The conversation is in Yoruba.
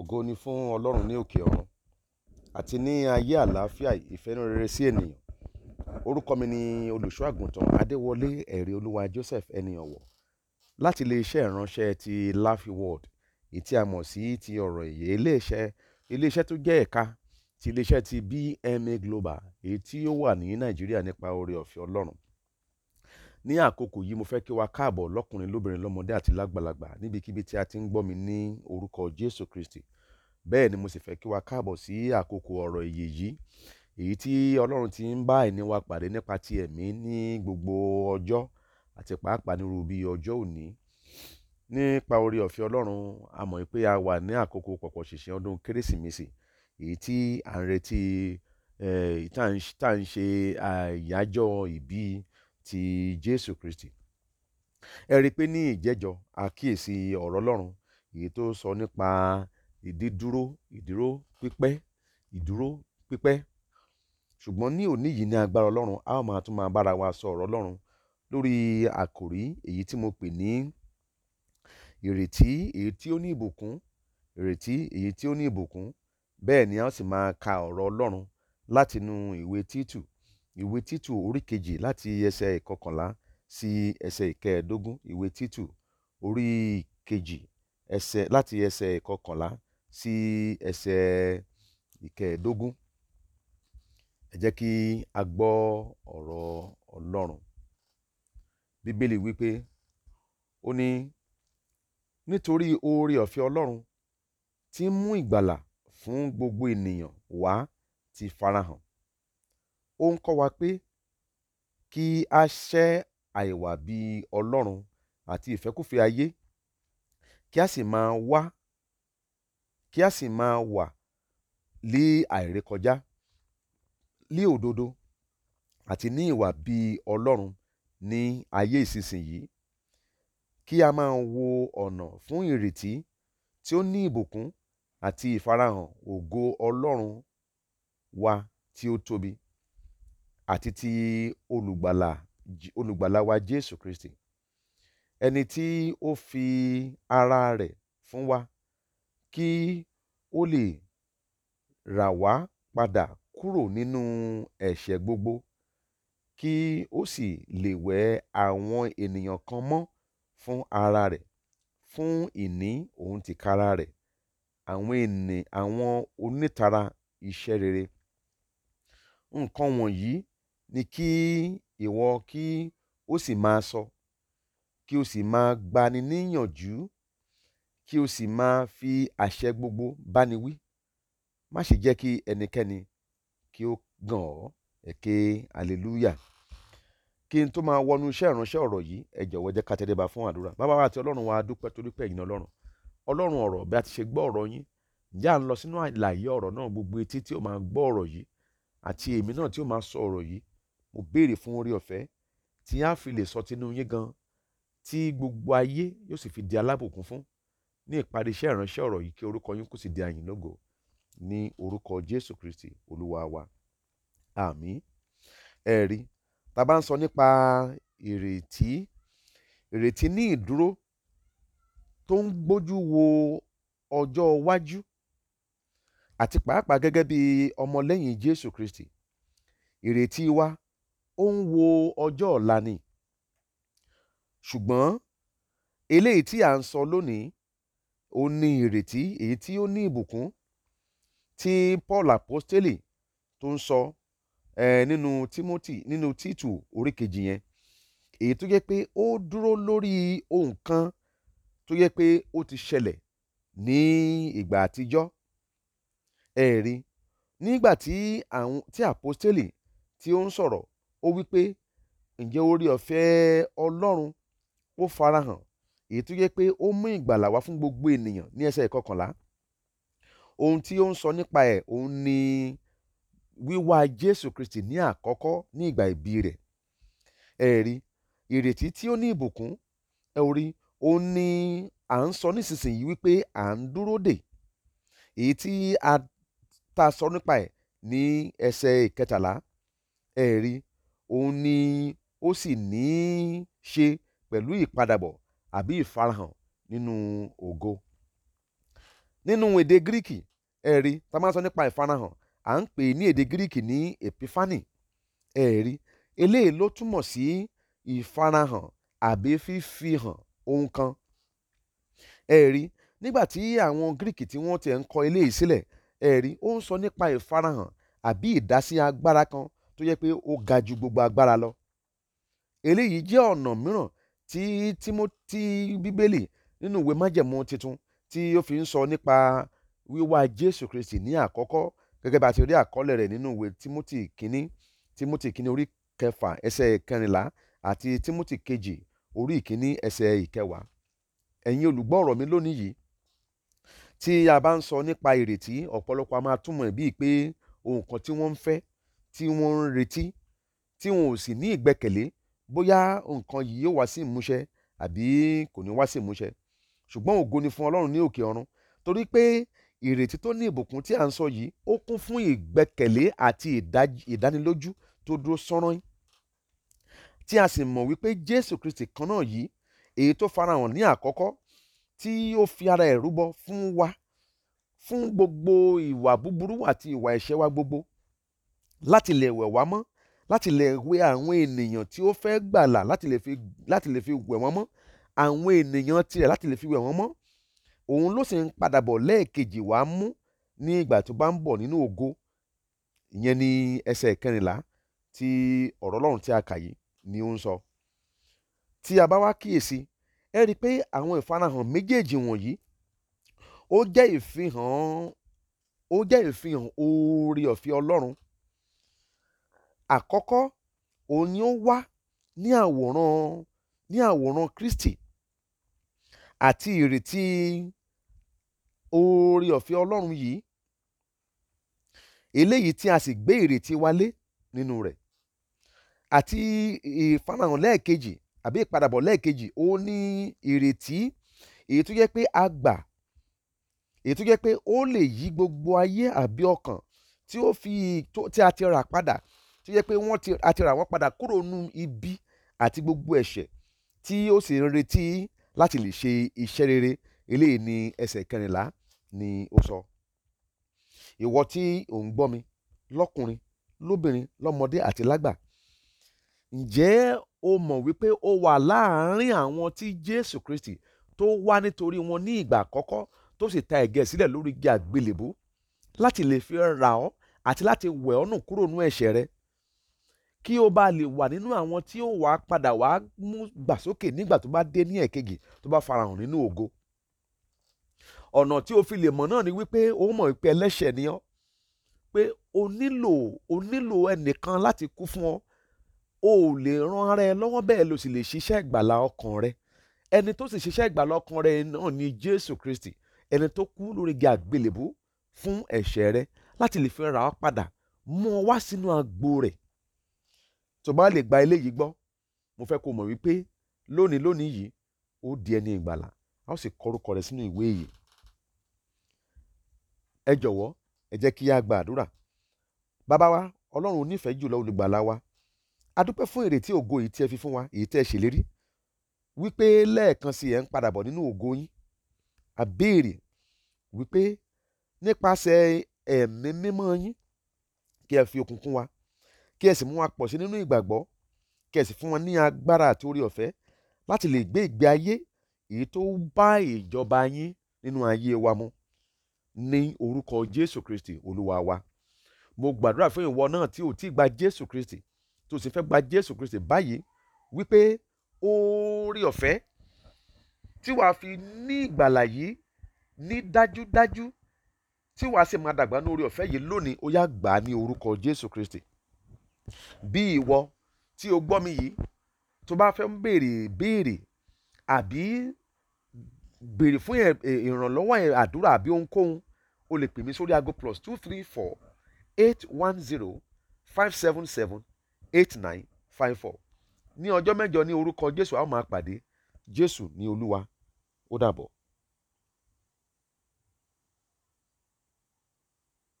ògo ni fún ọlọ́run ní òkè ọ̀run àti ní ayé àlàáfíà ìfẹ́nu rere sí ènìyàn orúkọ mi ni olùṣọ́ adéwọlé ẹ̀rí olúwa joseph ẹni ọ̀wọ̀ láti iléeṣẹ́ ìránṣẹ́ ti Lafi World èyí a mọ̀ sí ti ọ̀rọ̀ èyí iléeṣẹ́ iléeṣẹ́ tó jẹ́ ẹ̀ka ti iléeṣẹ́ ti BMA Global èyí tí ó wà ní nàìjíríà nípa oore ọ̀fẹ́ ọlọ́run ní àkókò yìí mo fẹ́ kí wa káàbọ̀ lọ́kùnrin lóbìnrin lọ́mọdé àti lágbàlagbà níbikíbi tí a ti ń gbọ́ mi ní orúkọ jésù kristi bẹ́ẹ̀ ni mo sì fẹ́ kí wa káàbọ̀ sí àkókò ọ̀rọ̀ ìyè yìí èyí tí ọlọ́run ti ń bá ẹni wa pàdé nípa ti ẹ̀mí ní gbogbo ọjọ́ àti pàápàá nírú bí ọjọ́ òní nípa orí ọ̀fẹ́ ọlọ́run a mọ̀ pé a wà ní àkókò pọ̀pọ̀ ṣìnṣìn ọdún kérésìmesì èyí tí à ń retí tá ṣe àyájọ́ ìbí ti jésù kristi ẹ rí i pé ní ìjẹ́jọ́ àkíyèsí ọ̀rọ̀ ọlọ́run èyí tó sọ nípa ìdídúró ìdúró pípẹ́ ìdúró pípẹ́ ṣùgbọ́n ní òní yìí ní agbára ọlọ́run a ó máa tún máa bára wa sọ ọ̀rọ̀ ọlọ́run lórí àkòrí èyí tí mo pè ní ìrètí èyí tí ó ní ìbùkún ìrètí èyí tí ó ní ìbùkún bẹ́ẹ̀ ni a ó sì máa ka ọ̀rọ̀ ọlọ́run látinú ìwé títù ìwé títù orí kejì láti ẹsẹ̀ ìkọkànlá sí ẹsẹ̀ ìkẹẹ̀ẹ́dógún ìwé títù orí kejì ẹsẹ̀ láti ẹsẹ̀ ìkọkànlá sí ẹsẹ̀ ìkẹẹ̀ẹ́dógún ẹ jẹ́ kí a gbọ́ ọ̀rọ̀ ọlọ́run bíbélì wípé ó ní nítorí oore ọ̀fẹ́ ọlọ́run tí ń mú ìgbàlà fún gbogbo ènìyàn wá ti farahàn ó ń kọ́ wa pé kí a ṣẹ́ àìwà bí ọlọ́run àti ìfẹ́kúfẹ̀ẹ́ ayé kí a sì máa wá kí a sì máa wà lé àìrékọjá lé òdodo àti ní ìwà bí ọlọ́run ní ayé ìsinsìnyí kí a máa wo ọ̀nà fún ìrètí tí ó ní ìbùkún àti ìfarahàn ògo ọlọ́run wa tí ó tóbi àti ti olùgbàlà olùgbàlà wa jésù kristi ẹni tí ó fi ara rẹ̀ fún wa kí ó lè rà wá padà kúrò nínú ẹ̀ṣẹ̀ gbogbo kí ó sì lè wẹ àwọn ènìyàn kan mọ́ fún ara rẹ̀ fún ìní òun tìkára rẹ̀ àwọn ènì àwọn onítara iṣẹ́ rere nǹkan wọ̀nyí ni kí ìwọ kí o sì máa sọ kí o sì máa gbani níyànjú kí o sì máa fi àṣẹ gbogbo báni wí má ṣe jẹ́ kí ẹnikẹ́ni kí ó gàn ọ́ ẹ ké hallelujah kí n tó máa wọnú iṣẹ́ ìránṣẹ́ ọ̀rọ̀ yìí ẹ jọ̀wọ́ jẹ́ ká tẹ́lẹ̀ bá fún àdúrà bàbá wa àti ọlọ́run wa dúpẹ́ torí pé ẹ̀yin ọlọ́run ọlọ́run ọ̀rọ̀ bí a ti ṣe gbọ́ ọ̀rọ̀ yín ǹjẹ́ à ń lọ sínú àlàyé ọ̀rọ̀ náà gbogbo etí tí ó máa gbọ́ ọ̀rọ̀ yìí àti èmi náà tí ó máa sọ ọ̀rọ̀ yìí mo béèrè fún oore ọ̀fẹ́ tí a fi lè sọ tinú yín gan tí gbogbo ayé yóò sì fi di alábòkún fún ní ìparí iṣẹ́ ìránṣẹ́ ọ̀rọ̀ yìí kí orúkọ yín kò sì di àyìn lógo ní orúkọ Jésù Kristi olúwa wa àmín ẹ̀rí tá a bá ń sọ nípa ìrètí ìrètí ní ìdúró tó ń gbójú wo ọjọ́ iwájú àti pàápàá gẹ́gẹ́ bí ọmọlẹ́yìn Jésù Kristi ìrètí wa ó ń wo ọjọ́ ọ̀la ni ṣùgbọ́n eléyìí tí à ń sọ lónìí ó ní ìrètí èyí tí ó ní ìbùkún tí Paul apostoli tó ń sọ nínú Timothy nínú Títù orí kejì yẹn èyí tó jẹ́ pé ó dúró lórí ohun kan tó jẹ́ pé ó ti ṣẹlẹ̀ ní ìgbà àtijọ́ ẹ̀rí nígbà tí àwọn tí àpọ́stélì tí ó ń sọ̀rọ̀ ó wí pé ǹjẹ́ orí ọ̀fẹ́ ọlọ́run ó farahàn èyí tó yẹ pé ó mú ìgbàlà wá fún gbogbo ènìyàn ní ẹsẹ̀ ìkọkànlá ohun tí ó ń sọ nípa ẹ̀ òun ni wíwá jésù kristi ní àkọ́kọ́ ní ìgbà ìbí rẹ̀ ẹ rí ìrètí tí ó ní ìbùkún ẹ rí òun ni à ń sọ nísinsìnyí wípé à ń dúró dè èyí tí a ta sọ nípa ẹ̀ ní ẹsẹ̀ ìkẹtàlá ẹ rí òun ni ó sì ní í ṣe pẹ̀lú ìpadàbọ̀ àbí ìfarahàn nínú ògo nínú èdè gíríkì ẹ̀rí tá a máa sọ nípa ìfarahàn à ń pè ní èdè gíríkì ní epiphany ẹ̀rí eléyìí ló túmọ̀ sí ìfarahàn àbí fífihàn ohun kan ẹ̀rí nígbà tí àwọn gíríkì tí wọ́n ti ń kọ eléyìí sílẹ̀ ẹ̀rí ó ń sọ nípa ìfarahàn àbí ìdásí agbára kan tó yẹ pé ó ga ju gbogbo agbára lọ eléyìí jẹ́ ọ̀nà mìíràn tí Tímótì bíbélì nínú ìwé májẹ̀mú titun tí ó fi ń sọ nípa wíwá Jésù Kristi ní àkọ́kọ́ gẹ́gẹ́ bá a ti rí àkọọ́lẹ̀ rẹ̀ nínú ìwé Tímótì kínní Tímótì kínní orí kẹfà ẹsẹ̀ kẹrìnlá àti Tímótì kejì orí ìkínní ẹsẹ̀ ìkẹwàá ẹ̀yin olùgbọ́ ọ̀rọ̀ mi lónìí yìí tí a bá ń sọ nípa ìrètí ọ̀pọ̀lọpọ̀ a máa túmọ̀ bíi pé ohun kan tí wọ́n ń fẹ́ tí wọ́n ń retí tí wọn ò sì ní ìgbẹ́kẹ̀lé bóyá nǹkan yìí yóò wá sí ìmúṣẹ àbí kò ní wá sí ìmúṣẹ ṣùgbọ́n ògo ni fún ọlọ́run ní òkè ọ̀run torí pé ìrètí tó ní ìbùkún tí à ń sọ yìí ó kún fún ìgbẹ́kẹ̀lé àti ìdánilójú tó dúró sánrán tí a sì mọ̀ wípé jésù kristi kan náà yìí èyí tó farahàn ní àkọ́kọ́ tí ó fi ara ẹ̀ rúbọ fún wa fún gbogbo ìwà búburú àti ìwà ẹ̀ṣẹ̀ wa gbogbo láti lè wẹ̀ wá mọ́ láti lè wẹ àwọn ènìyàn tí ó fẹ́ gbàlà láti lè fi láti lè fi wẹ̀ wọ́n mọ́ àwọn ènìyàn tirẹ̀ láti lè fi wẹ̀ wọ́n mọ́ òun ló sì ń padà bọ̀ lẹ́ẹ̀kejì wá mú ní ìgbà tó bá ń bọ̀ nínú ògo ìyẹn ní ẹsẹ̀ kẹrìnlá tí ọ̀rọ̀ ọlọ́run tí a kà yìí ni ó ń sọ tí a bá wá kíyèsí ẹ rí i pé àwọn ìfarahàn méjèèjì wọ̀nyí ó jẹ́ ìfihàn ó jẹ́ ìfihàn oore ọ̀fẹ́ ọlọ́run àkọ́kọ́ òun ni ó wá ní àwòrán ní àwòrán Kristi àti ìrètí oore ọ̀fẹ́ Ọlọ́run yìí eléyìí tí a sì gbé ìrètí wálé nínú rẹ̀ àti ìfarahàn lẹ́ẹ̀kejì àbí ìpadàbọ̀ lẹ́ẹ̀kejì ó ní ìrètí èyí tó jẹ́ pé a gbà èyí tó jẹ́ pé ó lè yí gbogbo ayé àbí ọkàn tí ó fi tó tí a ti rà padà tó yẹ pé wọ́n ti àti rà wọ́n padà kúrò nù ibi àti gbogbo ẹ̀ṣẹ̀ tí ó sì retí láti lè ṣe iṣẹ́ rere eléyìí ní ẹsẹ̀ kẹrìnlá ni ó sọ. ìwọ tí ò ń gbọ́ mi lọ́kùnrin lóbìnrin lọ́mọdé àti lágbà ǹjẹ́ o mọ̀ wípé o wà láàárín àwọn tí Jésù Kristi tó wá nítorí wọn ní ìgbà àkọ́kọ́ tó sì ta ẹ̀gẹ́ sílẹ̀ lórí igi àgbélébú láti lè fi rà ọ́ àti láti wẹ̀ ọ́ nù kúrò nú ẹ̀ṣẹ̀ rẹ̀ kí ó bá lè wà nínú àwọn tí ó wàá padà wàá mú gbàsókè nígbà tó bá dé ní ẹ̀kejì tó bá farahàn nínú ògo ọ̀nà tí o fi lè mọ̀ náà ni wípé o mọ̀ pé ẹlẹ́ṣẹ̀ ni ọ́ pé o nílò o nílò ẹnìkan láti kú fún ọ o ò lè ran ara ẹ lọ́wọ́ bẹ́ẹ̀ ló sì lè ṣiṣẹ́ ìgbàlá ọkàn rẹ ẹni tó sì ṣiṣẹ́ ìgbàlá ọkàn rẹ náà ni Jésù Kristi ẹni tó kú lórí igi àgbélébú fún ẹ̀ṣẹ̀ rẹ láti lè fi ra ọ padà mú ọ wá sínú agbo rẹ̀ tó bá lè gba eléyìí gbọ́ mo fẹ́ kó mọ̀ wípé lónìí lónìí yìí ó di ẹni ìgbàlà a ó sì kọrúkọ rẹ̀ sínú ìwé yìí ẹ jọ̀wọ́ ẹ jẹ́ kí a gba àdúrà bàbá wa ọlọ́run onífẹ̀ẹ́ jùlọ olùgbàlà wa a dúpẹ́ fún ìrètí ògo yìí tí ẹ fi fún wa èyí tẹ́ ẹ ṣèlérí wípé lẹ́ẹ̀kan sí ẹ̀ ń padà bọ̀ nínú ògo yín a béèrè wípé nípasẹ̀ ẹ̀mí mímọ́ yín kí ẹ fi okun wa kí ẹ sì mú wọn pọ̀ sí nínú ìgbàgbọ́ kí ẹ sì fún wọn ní agbára àti orí ọ̀fẹ́ láti lè gbé ìgbé ayé èyí tó bá ìjọba yín nínú ayé wa mu ní orúkọ Jésù Kristi olúwa wa mo gbàdúrà fún ìwọ náà tí ò tí gba Jésù Kristi tó sì fẹ́ gba Jésù Kristi báyìí wípé oore ọ̀fẹ́ tí wàá fi ní ìgbàlà yìí ní dájúdájú tí wàá sì máa dàgbà ní oore ọ̀fẹ́ yìí lónìí ó yá gbà á ní orúkọ Jésù Kristi bí ìwọ tí o gbọ́ mi yìí tó bá fẹ́ ń béèrè béèrè àbí béèrè fún ìrànlọ́wọ́ àdúrà àbí ohunkóhun o lè pè mí sórí aago plus two three four eight one zero five seven seven eight nine five four ní ọjọ́ mẹ́jọ ní orúkọ Jésù a ó máa pàdé Jésù ní Olúwa ó dàbọ̀.